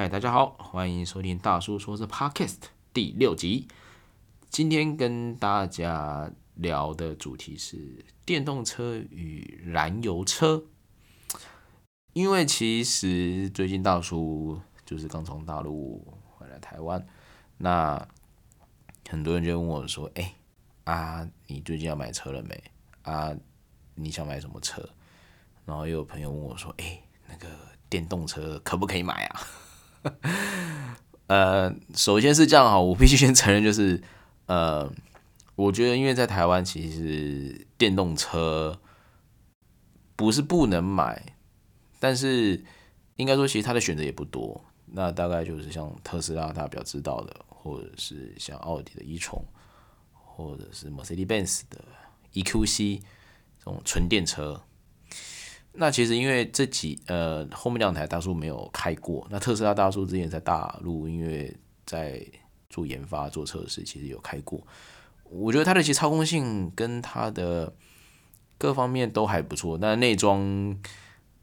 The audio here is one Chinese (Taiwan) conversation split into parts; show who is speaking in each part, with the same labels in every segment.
Speaker 1: 嗨，Hi, 大家好，歡迎收聽大叔說這 Podcast 第六集。今天跟大家聊的主題是電動車與燃油車，因為其實最近大叔就是剛從大陸回來台灣，那很多人就問我說：“哎、欸、啊，你最近要買車了沒？啊，你想買什麼車？”然後又有朋友問我說：“哎、欸，那個電動車可不可以買啊？” 呃，首先是這樣哈，我必須先承認，就是呃，我覺得因為在台灣其實電動車不是不能買，但是應該說其實它的選擇也不多。那大概就是像特斯拉大家比較知道的，或者是像奧迪的 e-tron，或者是 Mercedes-Benz 的 EQC 這種純電車。那其實因為這幾呃後面兩台大叔沒有開過，那特斯拉大叔之前在大陸因為在做研發做測試，其實有開過，我覺得它的其實操控性跟它的各方面都還不錯，但內裝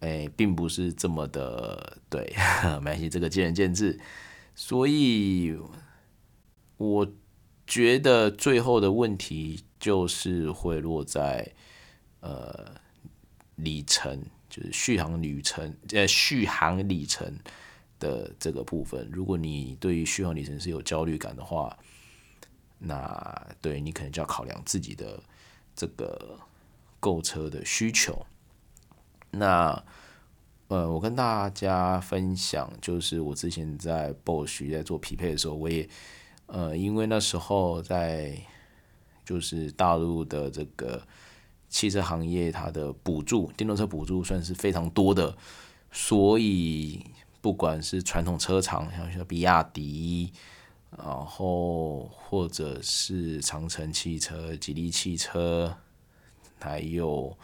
Speaker 1: 誒並不是這麼的對呵呵，沒關係，這個見仁見智，所以我覺得最後的問題就是會落在呃。里程，就是續航里程，呃，續航里程的這個部分，如果你對於續航里程是有焦慮感的話，那對你可能就要考量自己的這個購車的需求。那呃，我跟大家分享，就是我之前在 Bosch 在做匹配的時候，我也呃，因為那時候在就是大陸的這個。汽車行業它的補助，電動車補助算是非常多的，所以不管是傳統車廠，像像比亞迪，然後或者是長城汽車、吉利汽車，還有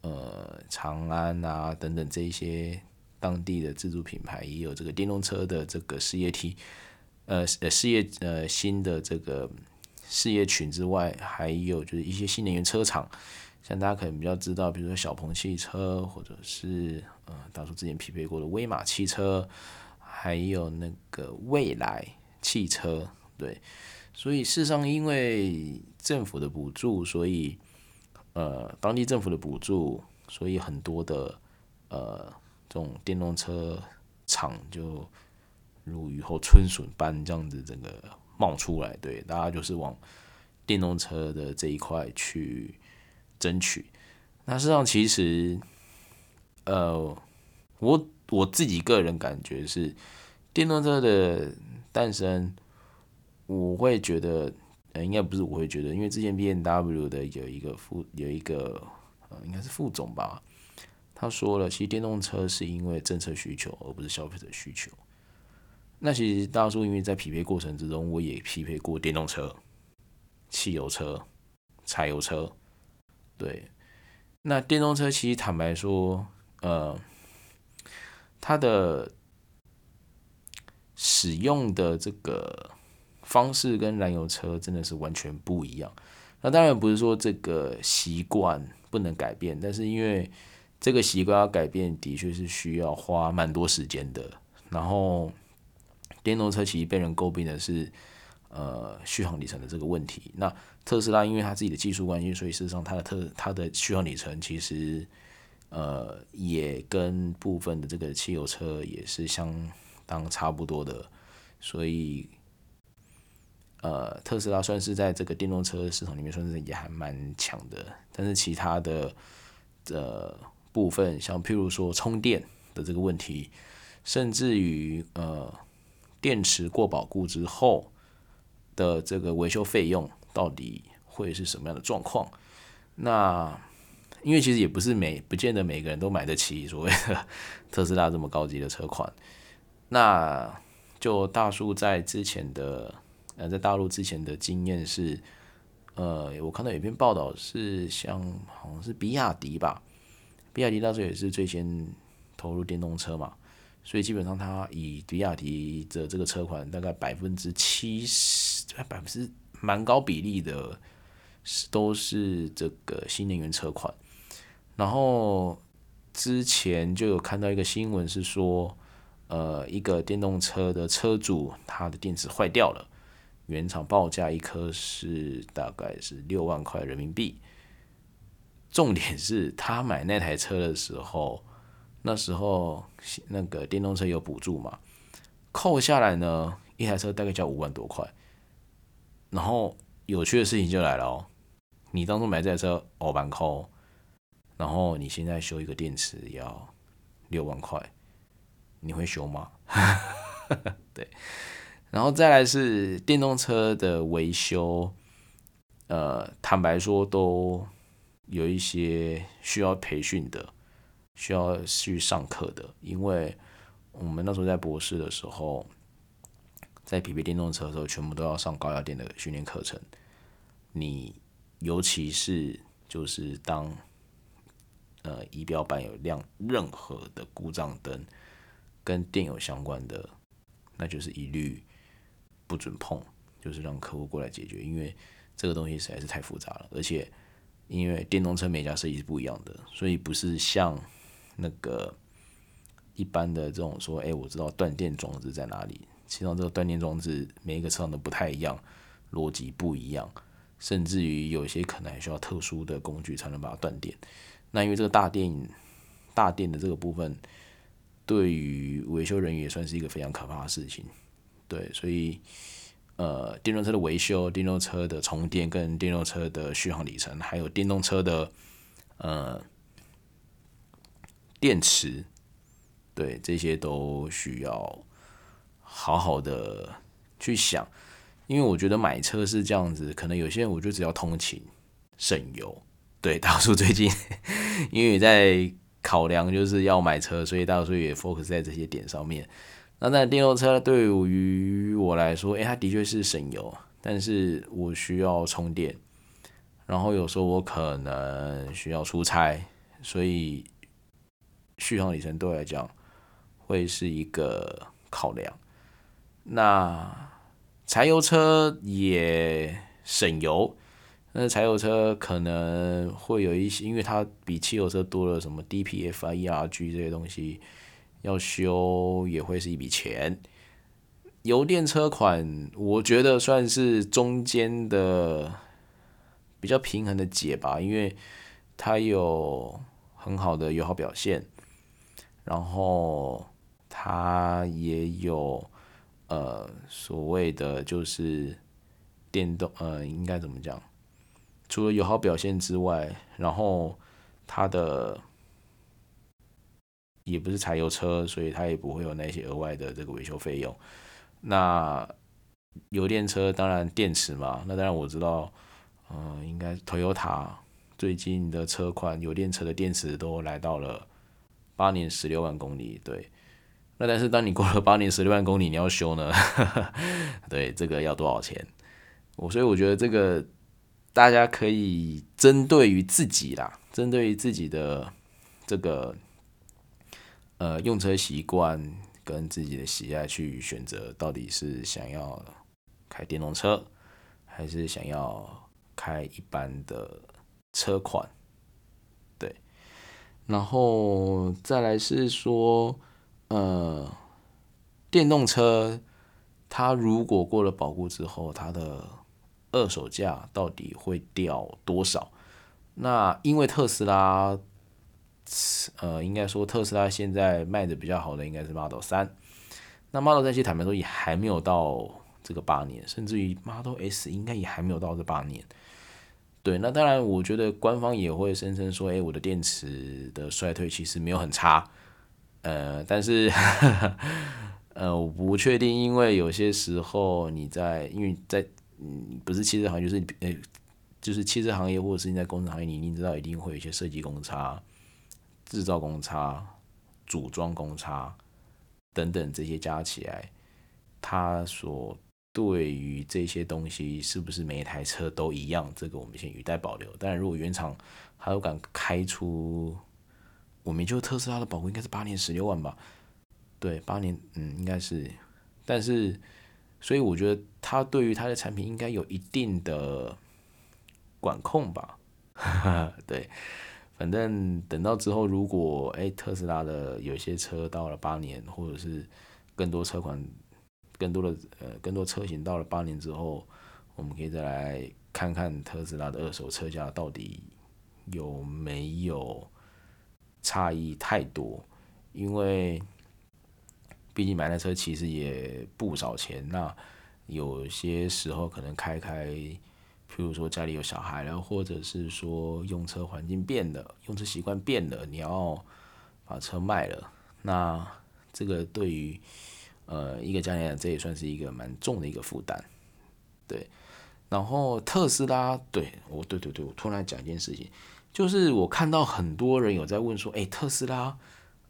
Speaker 1: 呃長安啊等等這些當地的自主品牌，也有這個電動車的這個事業體，呃，呃呃事業呃新的這個事業群之外，還有就是一些新能源車廠。像大家可能比較知道，比如說小鵬汽車，或者是呃，大叔之前匹配過的威馬汽車，還有那個蔚來汽車，對。所以，事實上，因為政府的補助，所以呃，當地政府的補助，所以很多的呃，這種電動車廠就如雨後春筍般這樣子整個冒出來，對。大家就是往電動車的這一塊去。爭取，那事實上，其實，呃，我我自己個人感覺是，電動車的誕生，我會覺得，呃，應該不是我會覺得，因為之前 BMW 的有一個副，有一個，呃，應該是副總吧，他說了，其實電動車是因為政策需求，而不是消費者需求。那其實大叔因為在匹配過程之中，我也匹配過電動車、汽油車、柴油車。對，那電動車其實坦白說，呃，它的使用的這個方式跟燃油車真的是完全不一樣。那當然不是說這個習慣不能改變，但是因為這個習慣要改變，的確是需要花蠻多時間的。然後，電動車其實被人詬病的是。呃，續航里程的這個問題，那特斯拉因為它自己的技術關係，所以事實上它的特它的續航里程其實呃也跟部分的這個汽油車也是相當差不多的，所以呃特斯拉算是在這個電動車市場裡面算是也還蠻強的，但是其他的的，呃，部分，像譬如說充電的這個問題，甚至於呃電池過保固之後。的這個維修費用到底會是什麼樣的狀況？那因為其實也不是每不見得每個人都買得起所謂的特斯拉這麼高級的車款。那就大叔在之前的呃，在大陸之前的經驗是，呃，我看到有一篇報道是像好像是比亞迪吧，比亞迪當時也是最先投入電動車嘛。所以基本上，他以比亞迪的這個車款，大概百分之七十、百分之蠻高比例的，都是這個新能源車款。然後之前就有看到一個新聞是說，呃，一個電動車的車主，他的電池壞掉了，原廠報價一顆是大概是六萬塊人民幣。重點是他買那台車的時候。那時候那個電動車有補助嘛，扣下來呢，一台車大概交五萬多塊。然後有趣的事情就來了哦，你當初買這台車，老、哦、板扣，然後你現在修一個電池要六萬塊，你會修嗎？ 對，然後再來是電動車的維修，呃，坦白說都有一些需要培訓的。需要去上課的，因為我們那時候在博士的時候，在匹配電動車的時候，全部都要上高壓電的訓練課程。你尤其是就是當呃儀表板有亮任何的故障燈跟電有相關的，那就是一律不准碰，就是讓客戶過來解決，因為這個東西實在是太複雜了，而且因為電動車每家設計是不一樣的，所以不是像那個一般的這種說，哎、欸，我知道斷電裝置在哪裡。其實這個斷電裝置，每一個車上都不太一樣，邏輯不一樣，甚至於有些可能還需要特殊的工具才能把它斷電。那因為這個大電大電的這個部分，對於維修人員也算是一個非常可怕的事情。對，所以呃，電動車的維修、電動車的充電、跟電動車的續航里程，還有電動車的呃。電池，對，這些都需要好好的去想，因為我覺得買車是這樣子，可能有些人我就只要通勤省油。對，大叔最近 因為在考量就是要買車，所以大叔也 focus 在這些點上面。那那電動車對於我來說，欸，它的確是省油，但是我需要充電，然後有時候我可能需要出差，所以。續航里程對我來講會是一個考量。那柴油車也省油，那柴油車可能會有一些，因為它比汽油車多了什麼 DPF、EGR 這些東西，要修也會是一筆錢。油電車款，我覺得算是中間的比較平衡的解吧，因為它有很好的油耗表現。然後它也有呃所謂的就是電動呃應該怎麼講，除了油耗表現之外，然後它的也不是柴油車，所以它也不會有那些額外的這個維修費用。那油電車當然電池嘛，那當然我知道，嗯，應該 Toyota 最近的車款油電車的電池都來到了，八年十六萬公里，對。那但是當你過了八年十六萬公里，你要修呢？ 對，這個要多少錢？我所以我覺得這個大家可以針對於自己啦，針對於自己的這個呃，用車習慣跟自己的喜愛去選擇，到底是想要開電動車，還是想要開一般的車款。然後再來是說，呃，電動車，它如果過了保固之後，它的二手價到底會掉多少？那因為特斯拉，呃，應該說特斯拉現在賣得比較好的應該是 Model 三，那 Model 三其實坦白說也還沒有到這個八年，甚至於 Model S 應該也還沒有到這八年。對，那當然，我覺得官方也會聲稱說，哎、欸，我的電池的衰退其實沒有很差，呃，但是，呵呵呃，我不確定，因為有些時候你在，因為在，嗯，不是汽車行業，就是，哎、欸，就是汽車行業或者是你在工廠行業，你一定知道一定會有一些設計公差、制造公差、組裝公差等等這些加起來，它所。對於這些東西是不是每一台車都一樣？這個我們先有待保留。但如果原廠他都敢開出，我們就特斯拉的保固應該是八年十六萬吧？對，八年，嗯，應該是。但是，所以我覺得他對於他的產品應該有一定的管控吧？ 對，反正等到之後，如果誒特斯拉的有些車到了八年，或者是更多車款。更多的呃，更多車型到了八年之後，我們可以再來看看特斯拉的二手車價到底有沒有差異太多，因為畢竟買的車其實也不少錢。那有些時候可能開開，譬如說家裡有小孩了，然後或者是說用車環境變了，用車習慣變了，你要把車賣了，那這個對於。呃，一個家人這也算是一個蠻重的一個負擔，對。然後特斯拉，對我，對對對，我突然講一件事情，就是我看到很多人有在問說，哎、欸，特斯拉，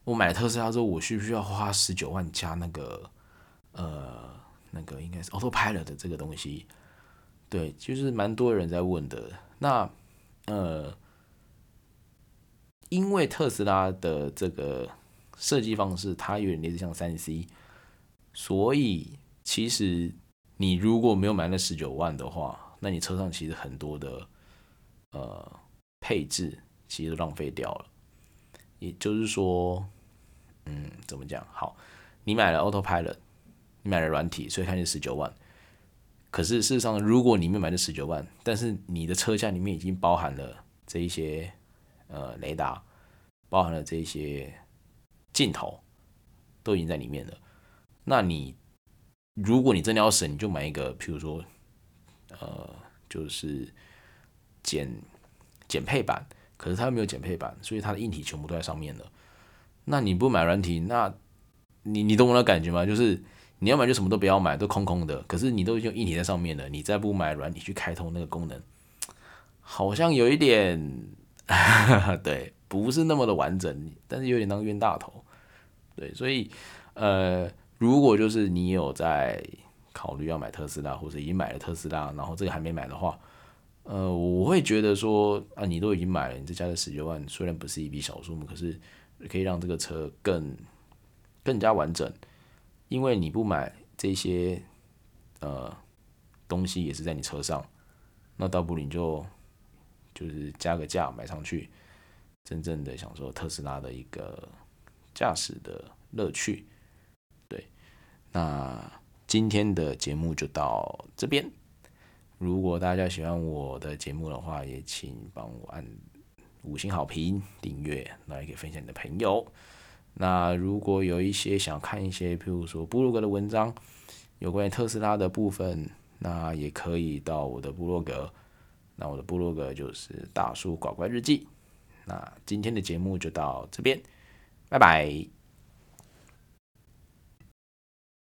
Speaker 1: 我買了特斯拉之後，我需不需要花十九萬加那個，呃，那個應該是 Autopilot 的這個東西？對，就是蠻多人在問的。那，呃，因為特斯拉的這個設計方式，它有點類似像三 C。所以其實你如果沒有買那十九萬的話，那你車上其實很多的呃配置其實都浪費掉了。也就是說，嗯，怎麼講？好，你買了 Autopilot，你買了軟體，所以看見十九萬。可是事實上，如果你沒有買那十九萬，但是你的車價裡面已經包含了這一些呃雷達，包含了這一些鏡頭，都已經在裡面了。那你，如果你真的要省，你就買一個，譬如說，呃，就是減減配版，可是它又沒有減配版，所以它的硬體全部都在上面了。那你不買軟體，那，你你懂我的感覺嗎？就是你要買就什麼都不要買，都空空的。可是你都已經硬體在上面了，你再不買軟體去開通那個功能，好像有一點， 對，不是那麼的完整，但是有點當冤大頭，對，所以，呃。如果就是你有在考慮要買特斯拉，或者已經買了特斯拉，然後這個還沒買的話，呃，我會覺得說，啊，你都已經買了，你再加個十幾萬，雖然不是一筆小數目，可是可以讓這個車更更加完整。因為你不買這些呃東西也是在你車上，那倒不如你就就是加個價買上去，真正的享受特斯拉的一個駕駛的樂趣。那今天的節目就到這邊。如果大家喜歡我的節目的話，也請幫我按五星好評、訂閱，來給分享你的朋友。那如果有一些想看一些，譬如說部落格的文章，有關於特斯拉的部分，那也可以到我的部落格。那我的部落格就是大叔怪怪日記。那今天的節目就到這邊，拜拜。